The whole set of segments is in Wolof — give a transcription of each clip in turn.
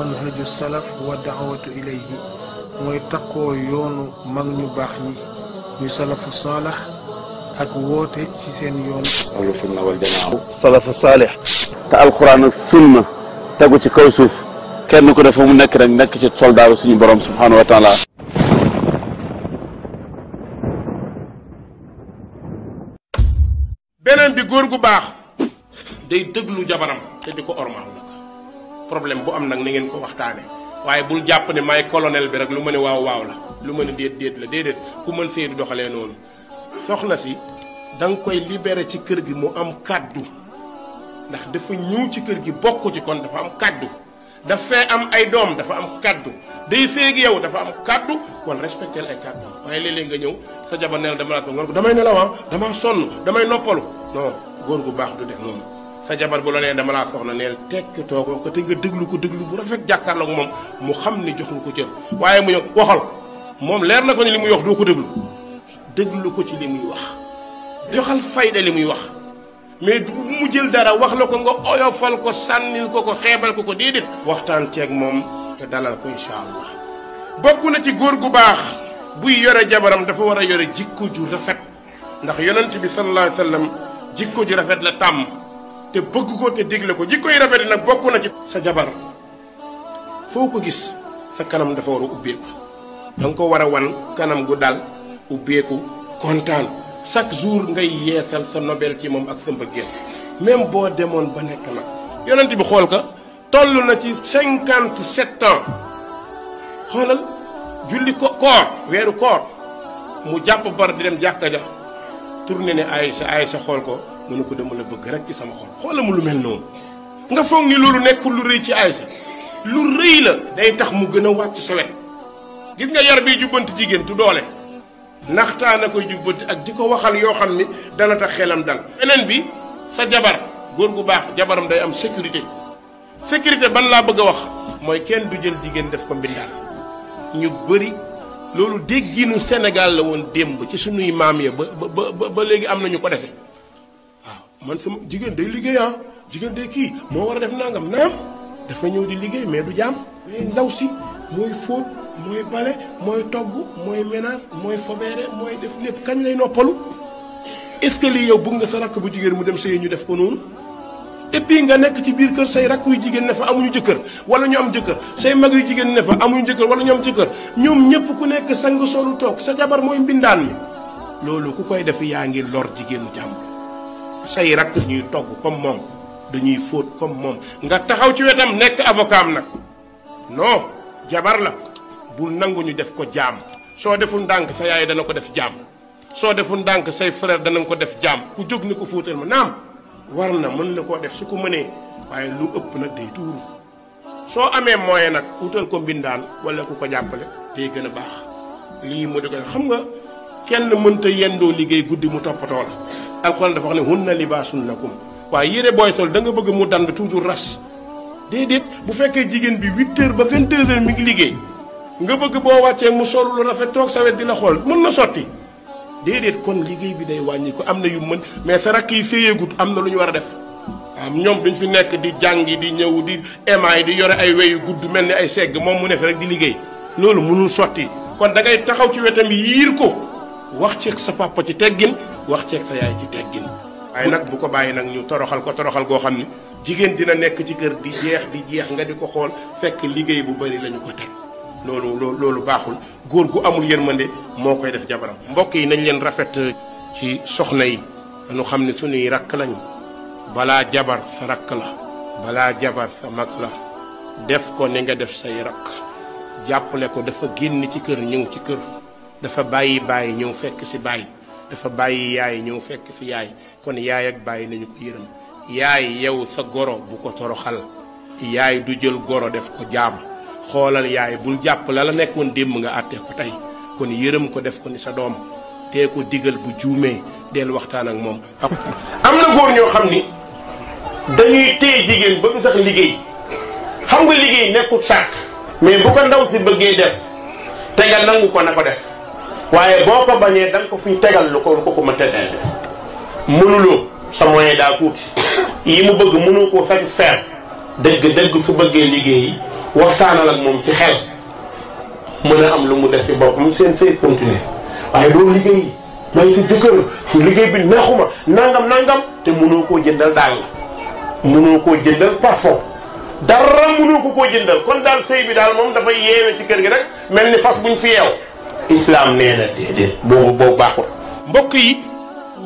منهج السلف ودعوة إليه ويتقو يونو مغنو باخني من سلف الصالح أكووتي سيسين يونو السنة والجماعة السلف الصالح تا القرآن السنة تاكوتي كوسوف كان نكون فهم نكرا نكتش تصل دارو سنين برام سبحانه وتعالى benen bi goor gu baax day deglu jabaram te diko ormal nak problème bu am nak na ngeen ko waxtane waye bul japp ne may colonel bi rek lu meune waw waw la lu meune deet deet la déedéet ku meun sëy doxale non soxla si koy libérer ci kër gi mu am kàddu ndax dafa ñew ci kër gi bokku ci kon dafa am kàddu da fe am ay dom dafa am kàddu day seeg yow dafa am kàddu kon respecter ay kàddu waaye lele nga ñew sa jabar neel dama la so nga ko damay nelaw ah damaa damay noppalu non gor gu bax du def non sa jabar bu la nee dama laa soxla neel tekk toogoo ko te nga déglu ko déglu bu rafet jàkkaarloog moom mu xam ni jox ko waaye mu ñëw waxal moom leer na ko ni li muy wax doo ko déglu déglu ko ci li muy wax joxal fayda li muy wax mais du mu jël dara wax la ko nga oyofal ko sànnil ko ko xeebal ko ko déedéet waxtaan ceeg moom te dalal ko incha allah bokk na ci góor gu baax buy yore jabaram dafa war a yore jikko ju rafet ndax yonent bi sallallahu alayhi wa sallam jikko ju rafet la tàmm te bëgg ko te digle ko jikko yi rabet nag bokk na ci. sa jabar foo ko gis sa kanam dafa war a ubbeeku da ko war a wan kanam gu dal ubbeeku kontaan chaque jour ngay yeesal sa nobel ci moom ak sa mbëggeel même boo demoon ba nekk nag. yonent bi xool ka tollu na ci cinquante sept ans xoolal julli ko koor weeru koor mu jàpp bar di dem jàkka ja turne ne Aïcha sa xool ko. mu ko dama la bëgg rek ci sama xol xoola lu mel noonu nga foog ni loolu nekkul lu rëy ci aysa lu rëy la day tax mu gën a wàcc sa gis nga yar bi jubbanti jigéen tu doole naxtaana koy jubbanti ak di ko waxal yoo xam ni dana tax xelam dal beneen bi sa jabar góor gu baax jabaram day am sécurité sécurité ban laa bëgg a wax mooy kenn du jël jigéen def ko mbindal ñu bëri loolu dégginu sénégal la woon démb ci sunuy maam ya ba ba ba ba léegi am nañu ko man sama jigéen day liggéeyaa ah, jigéen de kii moo war a def nangam naam dafa ñëw di liggéey mais du jaam ndaw si mooy fóot mooy bale mooy togg mooy ménage mooy fobeere mooy def lépp kañ lay noppalu est-ce que lii yow bëgg nga sa rakk bu jigéen mu dem sëy ñu def ko noonu et puis nga nekk ci biir kër say rakk yu jigéen ne fa amuñu jëkkër wala ñu am jëkkër say mag yu jigéen ne fa amuñu jëkkër wala ñu am jëkkër ñoom ñëpp ku nekk sang solu toog sa jabar mooy mbindaan mi loolu ku koy def yaa ngi lor jigéenu jàmbur say rak ñuy togg comme mom dañuy fóot comme mom nga taxaw ci wétam nek avocat nak non jabar la bu nangu ñu def ko jam so deful dank sa yaay dana ko def jam. so deful dank say frère danañ ko def jam. ku jog ni ko warna ma nam war mën na ko def suku ko mënee up lu ëpp So day tour so amé moyen nak outal ko bindal wala ku ko jappalé day gëna bax li mo xam nga kenn mënta yendoo liggéey guddi mu toppatoo la alxuraan dafa wax ne hunna na lakum waaye yére booy sol da nga bëgg mu dand toujours ras déedéet bu fekkee jigéen bi 8 heures ba 22 heures mi ngi liggéey nga bëgg boo wàccee mu sol lu rafet toog sawet wet di la xool mën na sotti déedéet kon liggéey bi day wàññi am na yu mën mais sa rakk yi séyeegut am na lu ñu war a def am ñoom duñ fi nekk di jàngi di ñëw di émaay di yore ay weyu gudd mel ni ay segg moom mu nekk rek di liggéey loolu mënul sotti kon da ngay taxaw ci wetam yiir ko wax ceeg sa papa ci teggin wax ceeg sa yaay ci teggin. waaye nag bu ko bàyyi nag ñu toroxal ko toroxal goo xam ni jigéen dina nekk ci kër di jeex di jeex nga di ko xool fekk liggéey bu bari lañu ko teg loolu loolu baaxul góor gu amul yërmande moo koy def jabaram. mbokk yi nañ leen rafet ci soxna yi dañu xam ne suñuy rakk lañ balaa jabar sa rakk la balaa jabar sa mag la def ko ni nga def say rakk jàppale ko dafa génn ci kër ñëw ci kër. dafa bàyyi bàyyi ñëw fekk si bàyyi dafa bàyyi yaay ñëw fekk si yaay kon yaay ak bàyyi nañu ko yërëm yaay yow sa goro bu ko toroxal yaay du jël goro def ko jaam xoolal yaay bul jàpp la la nekkoon démb nga àtte ko tey kon yërëm ko def ko ni sa doom tee ko digal bu juumee del waxtaan ak moom. am na góor ñoo xam ni dañuy téye jigéen ba mu sax liggéey xam nga liggéey nekkul sàkk mais bu ko ndaw si bëggee def te nga nangu ko na ko def. waaye boo ko bañee da nga ko fiy tegal lu ko lu ko ko mënta def mënuloo sa moyen daa tuuti yi mu bëgg mënu ko satisfaire dëgg dëgg su bëggee liggéey waxtaanal ak moom ci xel mën a am lu mu def ci boppam seen sëy continuer waaye doo liggéey may si jëkkër liggéey bi neexuma nangam nangam te mënoo koo jëndal daal la koo jëndal parfum dara mënoo ko koo jëndal kon daal sëy bi daal moom dafay yeewe ci kër gi rek mel ni fas buñ fi yeew islaam nee na déedéet boobu boobu baaxul mbokk yi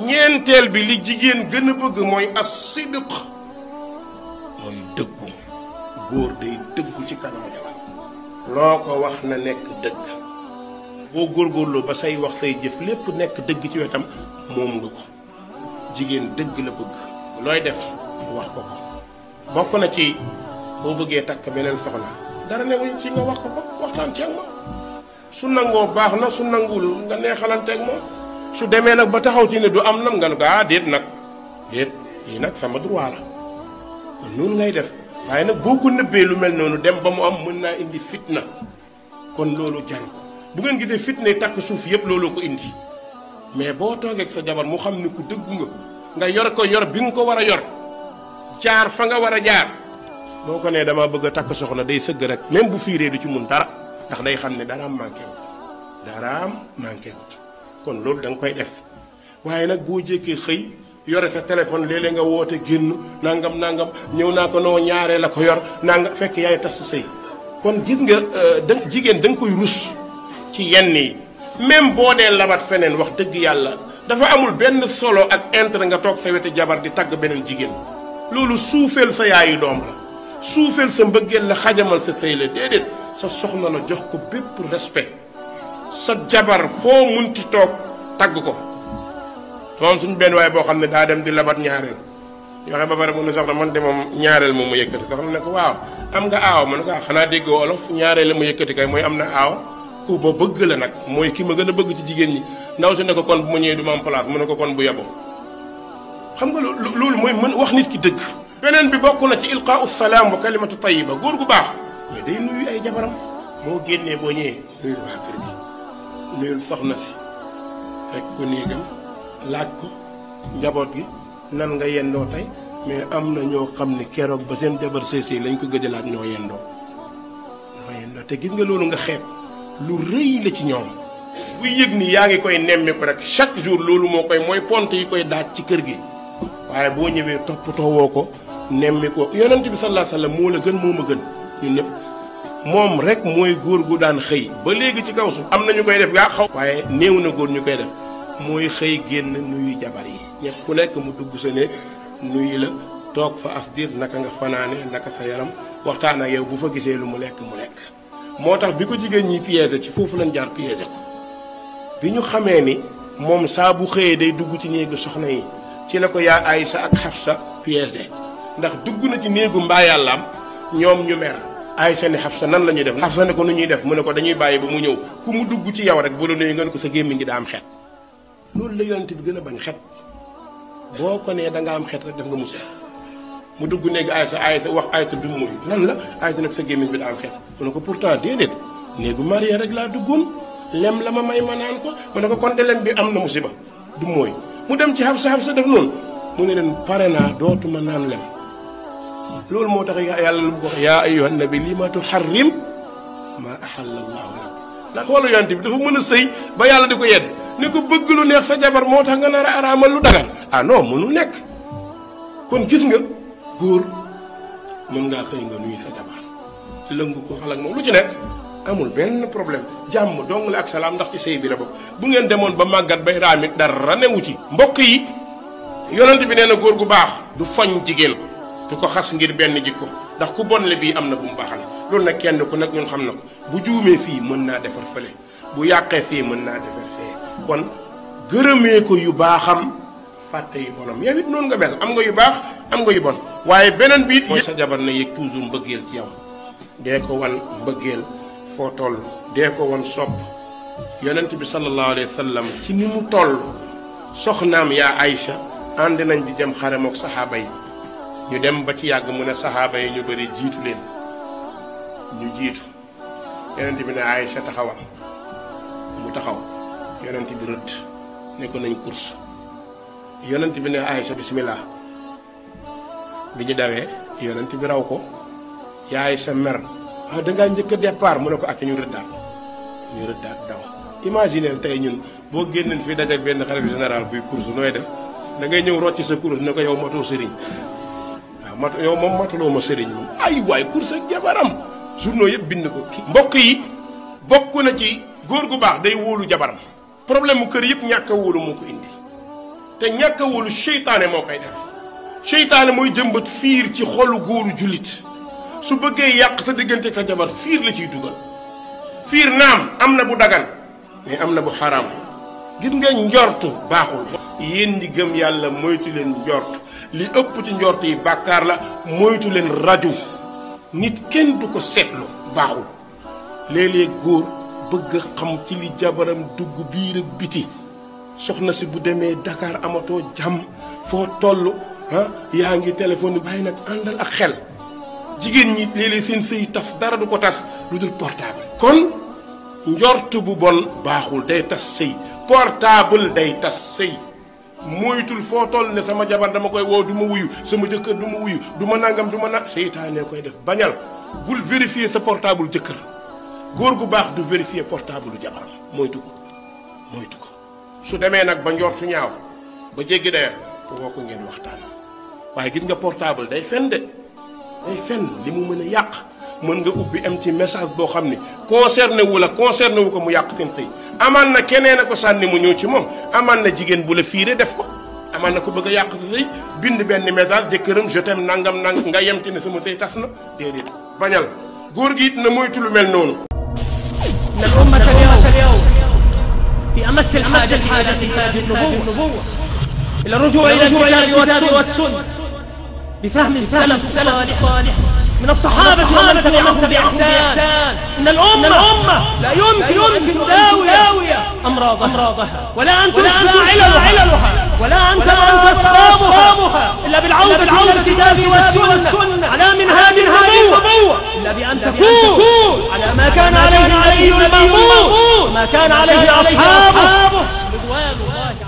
ñeenteel bi li jigéen gën a bëgg mooy as-sidq mooy dëggu góor day dëggu ci kanamu jabar loo ko wax na nekk dëgg boo góorgóorloo ba say wax say jëf lépp nekk dëgg ci wetam moom nga ko jigéen dëgg la bëgg looy def wax ko ko bokk na ci boo bëggee takk beneen soxna dara newuñ ci nga wax ko ko waxtaan ci ak moom su nangoo baax na su nanguwul nga neexalanteeg ma su demee nag ba taxaw ci ne du am nam nga ne gaa ah, déet nag déet lii nag sama droit la kon noonu ngay def waaye nag boo ko nëbbee lu mel noonu dem ba mu am mën naa indi fitna kon loolu jaru bu ngeen gisee fitna takk suuf yëpp looloo ko indi mais boo toogeeg sa jabar mu xam ne ku dëggu nga nga yor ko yor bi nga ko war a yor jaar fa nga war a jaar boo ko nee dama bëgg a takk soxna day sëgg rek même bu fiiree du ci mun dara ndax day xam ne daraam manqué wut daraam manqué wut kon loolu da koy def waaye nag boo jékkee xëy yore sa téléphone léeg-léeg nga woote génn nangam nangam ñëw naa ko noo ñaaree la ko yor nangam fekk yaay tas sa sëy kon gis nga euh, da jigéen da koy rus ci yenn yi même boo dee labat feneen wax dëgg yàlla dafa amul benn solo ak intérêt nga toog sa wetu jabar di tagg beneen jigéen loolu suufeel sa yaayu doom la suufeel sa mbëggeel la xajamal sa sëy la déedéet sa soxna na jox ko bépp respect sa jabar foo munti toog tagg ko moom suñ benn waaye boo xam ne daa dem di labat ñaareel yoo xam ba pare mun ne soxna man de moom ñaareel moom mu yëkkati soxna ne ko waaw am nga aaw ma ne ko ah xanaa déggoo olof ñaareel la mu yëkkati kay mooy am na aaw ku ba bëgg la nag mooy ki ma gën a bëgg ci jigéen ñi ndaw si ne ko kon mu ñëwee du ma am place mu ne ko kon bu yabo xam nga loolu mooy mën wax nit ki dëgg beneen bi bokk na ci ilqaau salaam wa kalimatu tayiba góor gu baax mais day nuyu ay jabaram moo génnee boo ñëwee nuyul waa kër gi nuyul soxna si fekk ko néegam laaj ko njaboot gi nan nga yendoo tey mais am na ñoo xam ne keroog ba seen jabar séesee lañ ko gëjalaat ñoo yendoo ñoo yendoo te gis nga loolu nga xeeb lu rëy la ci ñoom bu yëg ni yaa ngi koy nemmeeku rek chaque jour loolu moo koy mooy pont yi koy daaj ci kër gi waaye boo ñëwee toppatoo woo ko nemmi ko yonent bi sallallahu alayhi wasallam moo la gën moom ma gën ñun ñëpp moom rek mooy góor gu daan xëy ba léegi ci kaw suuf am na ñu koy def yaa xaw waaye néew na góor ñu koy def mooy xëy génn nuyu jabar yi ñëpp ku nekk mu dugg sa néeg nuyu la toog fa as diir naka nga fanaane naka sa yaram waxtaan a yow bu fa gisee lu mu lekk mu lekk moo tax bi ko jigéen ñi piégé ci foofu lañ jaar piégé ko bi ñu xamee ni moom saa bu xëyee day dugg ci néegu soxna yi ci la ko yaa Aysa ak Xafsa piégé ndax dugg na ci néegu mbaa Aysa ne sa nan la ñuy def Xafsa ne ko nu ñuy def mu ne ko dañuy bàyyi ba mu ñëw ku mu dugg ci yow rek bu la nuyu ngeen ko sa gémmiñ loolu la yonent bi gën a bañ xet boo ko da nga am xet rek def nga musa mu dugg néegi Aysa Aysa wax Aysa du muyu lan la Aysa sa gémmiñ bi daa am xet mu ne ko pourtant déedéet néegu marié rek laa duggoon lem la ma may ma naan ko mu ne ko kon de lem bi am na musiba du mooy mu dem ci Xafsa sa def noonu mu ne leen pare naa dootuma naan lem loolu moo tax yàlla lu wax yaa ayuha nabi lima ma tuharrim ma ahalla allahu lak ndax xoolal yonent bi dafa mën a sëy ba yàlla di ko yedd ni ko bëgg lu neex sa jabar moo tax nga nar a lu dagan ah non mënul nekk kon gis nga góor mën ngaa xëy nga nuy sa jabar lëngu ko xalak moom lu ci nekk amul benn problème jàmm dong la ak salaam ndax ci sëy bi la bokk bu ngeen demoon ba màggat bay raamit dara newu ci mbokk yi yonent bi nee na gu baax du foñ jigéen du ko xas ngir benn jikko ndax ku bon bonle bii am na bu mu baaxal loolu na kenn ku nag ñun xam na ko bu juumee fii mën naa defar fële bu yàqee fii mën naa defar fee kon gërëmee ko yu baaxam fàtte yu bonam am nga yu baax am nga yu bon waaye beneen biit mooy sa jabar na yëg toujours ci yow dee ko wan mbëggeel foo toll dee ko wan sopp yonent bi sallallahu alayhi wa sallam ci ni mu toll soxnaam yaa Aïcha ànd nañ di dem xare mook saxaaba yi ñu dem ba ci yàgg mu ne saxaaba yi ñu bari jiitu leen ñu jiitu yonent bi ne Aïcha taxawal mu taxaw yonent bi rëdd ne ko nañ course yonent bi ne Aïcha bismillah bi ñu dawee yonent bi raw ko yaay sa mer ah dangaa njëkk a mu ne ko ak ñu rëddaat ñu rëddaat daw imaginer tey ñun boo génneen fii dajeek benn xale bi général buy course nooy def da ngay ñëw rocci sa course ne ko yow matoo sëriñ mat yow moom matuloo ma sëriñ moom ay waay kur ak jabaram journaux yëpp bind ko mbokk yi bokk na ci góor gu baax day wóolu jabaram problème mu kër yëpp ñàkk a wóolu moo ko indi te ñàkk a wóolu seytaane moo koy def seytaane mooy jëmbat fiir ci xolu góoru julit su bëggee yàq sa diggante sa jabar fiir la ciy dugal fiir naam am na bu dagan mais am na bu xaraam gis nga njortu baaxul yéen di gëm yàlla moytu leen njort li ëpp ci njort yi bàkkaar la moytu leen rajo nit kenn du ko seetlu baaxul léeg-léeg góor bëgg xam ci li jabaram dugg biir ak biti soxna si bu demee dakaar amatoo jàmm foo toll yaa ngi téléphone yi bàyyi nag àndal ak xel jigéen ñi léeg-léeg seen sëy tas dara du ko tas lu dul portable. kon njort bu bon baaxul day tas sëy portable day tas sëy. moytul foo toll ne sama jabar dama koy woo du ma wuyu sama jëkkër du ma wuyu du ma nangam du ma nag seytaane koy def bañal bul vérifier sa portable jëkkër góor gu baax du vérifier portable jabaram moytu ko moytu ko su demee nag ba njort su ñaaw ba jéggi de woo ko ngeen waxtaan waaye gis nga portable day fen de day fen li mu mën a yàq mën nga ubbi am ci message boo xam ne concerné wu la concerné wu ko mu yàq seen xëy amaan na keneen ko sànni mu ñëw ci moom amaan na jigéen bu la fiire def ko amaan na ko bëgg a yàq sa sëy bind benn message jëkkëram je t'aime nangam nang nga yem ci ne sama sëy tas na déedéet bañal góor gi it na moytu lu mel noonu الأمة اليوم في أمس الحاجة إلى كتاب النبوة إلى الرجوع إلى الكتاب والسنة بفهم السلف الصالح من الصحابة ومن تبعهم بإحسان أن الأمة, الأمة لا يمكن, يمكن أن تداوي أمراضها, أمراضها ولا أن تشفى عللها ولا أن تمنع إلا بالعودة إلى الكتاب والسنة على هذه النبوة إلا بأن تكون على ما كان عليه علي المأمون ما كان عليه أصحابه رضوان الله